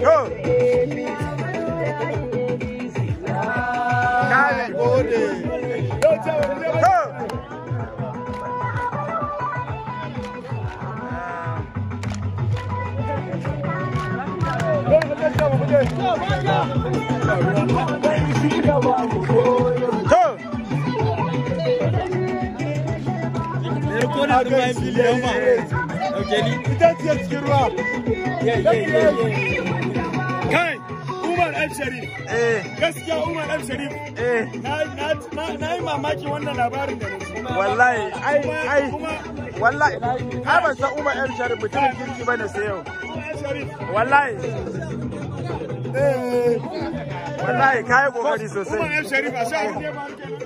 Go. Nine. Go. Arkadaşlar, ögeli. Bir tane çıkıyor. Yeah, yeah, yeah, yeah. kai umar al sharif eh. gaskiya umar al sharif eh. na yi mamaki wannan labarin da wallahi ai ai wallahi ai ban san umar sharif kirki bane sai yau wallahi eh. wallahi kai kokari sosai umar sharif a sha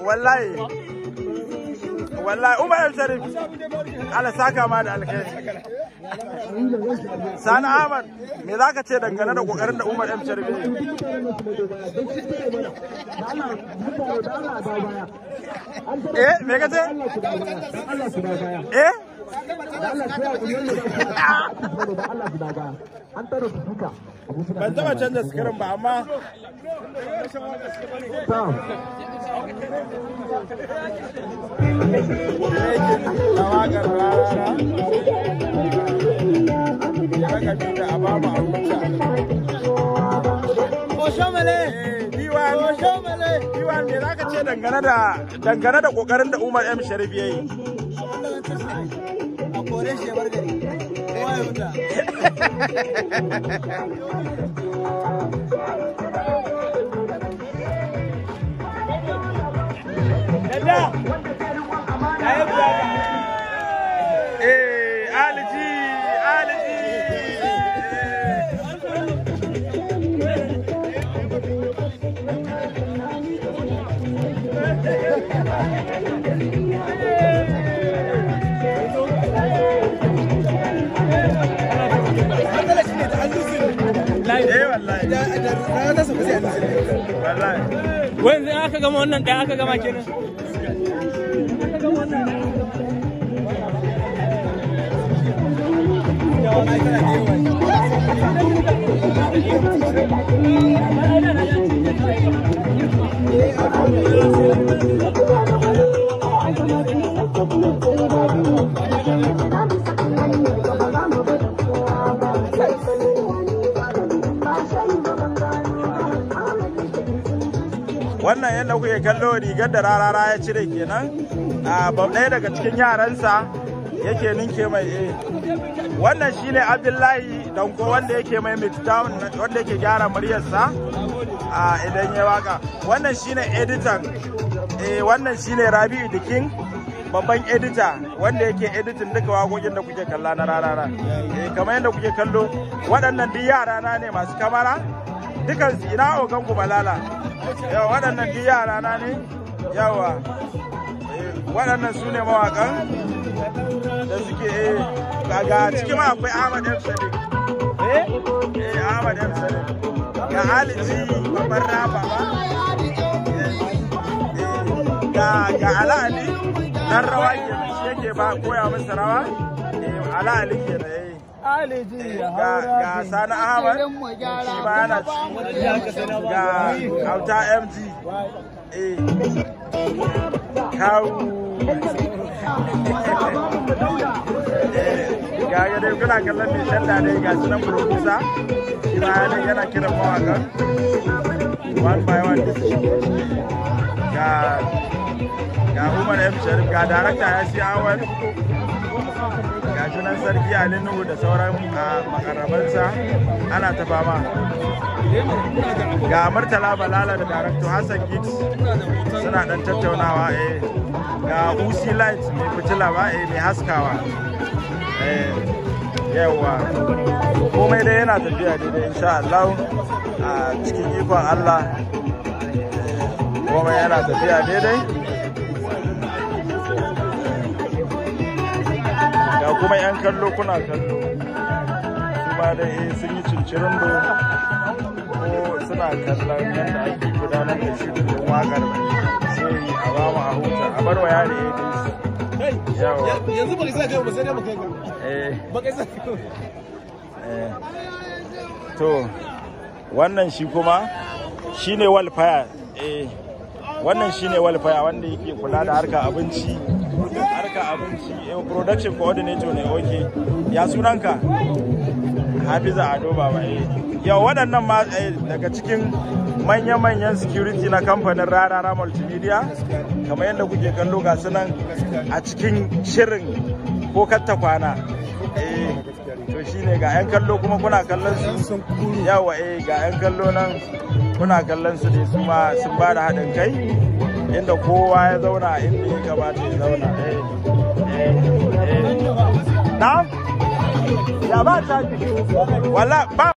wallahi wallahi umar al-sharif ala saka ma da alkhairi sani ahmad me zaka ce dangane da kokarin da umar al-sharif eh me kace eh an tsara su duka ban taba canza sikirin ba amma eh, dangane da dangane da kokarin da Umar M Sharif ya yi. I'm wanzu aka gama wannan ɗaya aka gama kenan Thank you. wannan yadda kuke kallo rigar da rarara ya cire kenan a ɗaya daga cikin yaransa yake ninke mai e wannan shine abdullahi danko wanda yake mai midtown wanda yake gyara muryarsa a idan ya waka wannan shine editan e wannan shine rabi'u dikin babban edita wanda yake editin duka waƙoƙin da kuke kalla na rarara eh, kamar yadda kuke kallo waɗannan duk yara na ne masu kamara su ina ogan ku balala yawa waɗannan duk yara na ne yawa eh, waɗannan su ne mawakan da suke eh, ga ciki ma akwai ahmad m sadiq eh, eh ahmad m sadiq ga aliji babban rafa ba ga ga Alali dan rawa ke yake ba koya musu rawa eh Alali ke da aliji eh, ga sani ahmad shi ma yana ci ga auta eh. eh. dai kuna kallon mai shanda ga sunan burukusa shi yana yana kiran mawakan one by one ga ga umar m sharif ga darakta ya siya awon gashi sarki ali Nuhu da sauran ah, makarabansa ana ta fama ga murtala balala da darakto hassan Gitu suna dan tattaunawa eh ga uc light mai fitila ba eh mai haskawa eh, komai dai yana tafiya daidai insha Allah a ah, cikin ikon Allah eh, komai yana tafiya daidai kuma 'yan kallo kuna kallo su ba da eh sun yi cincirin do ko suna kallon yadda ake gudanar da shi da wakar sai a ba mu a huta a bar wa yare ya ne yanzu ba kai sai kai ba sai dai ba kai ka eh ba ka eh. sai to wannan shi kuma shine walfaya eh wannan shine fire wanda yake kula da harkar abinci abinci eh, production coordinator ne oke ya sunanka hafiza ado baba eh. yau waɗannan ma eh, daga cikin manya-manyan security na kamfanin rarara multimedia kamar yadda kuke kallo ga nan a cikin shirin ko katta kwana to shine ga 'yan kallo kuma kuna kallon su yawa eh ga 'yan kallo nan kuna kallon su ne su ma sun ba da haɗin kai inda kowa ya zauna inda ya gabata ya zauna eh Na'am? Ya ba ta Wala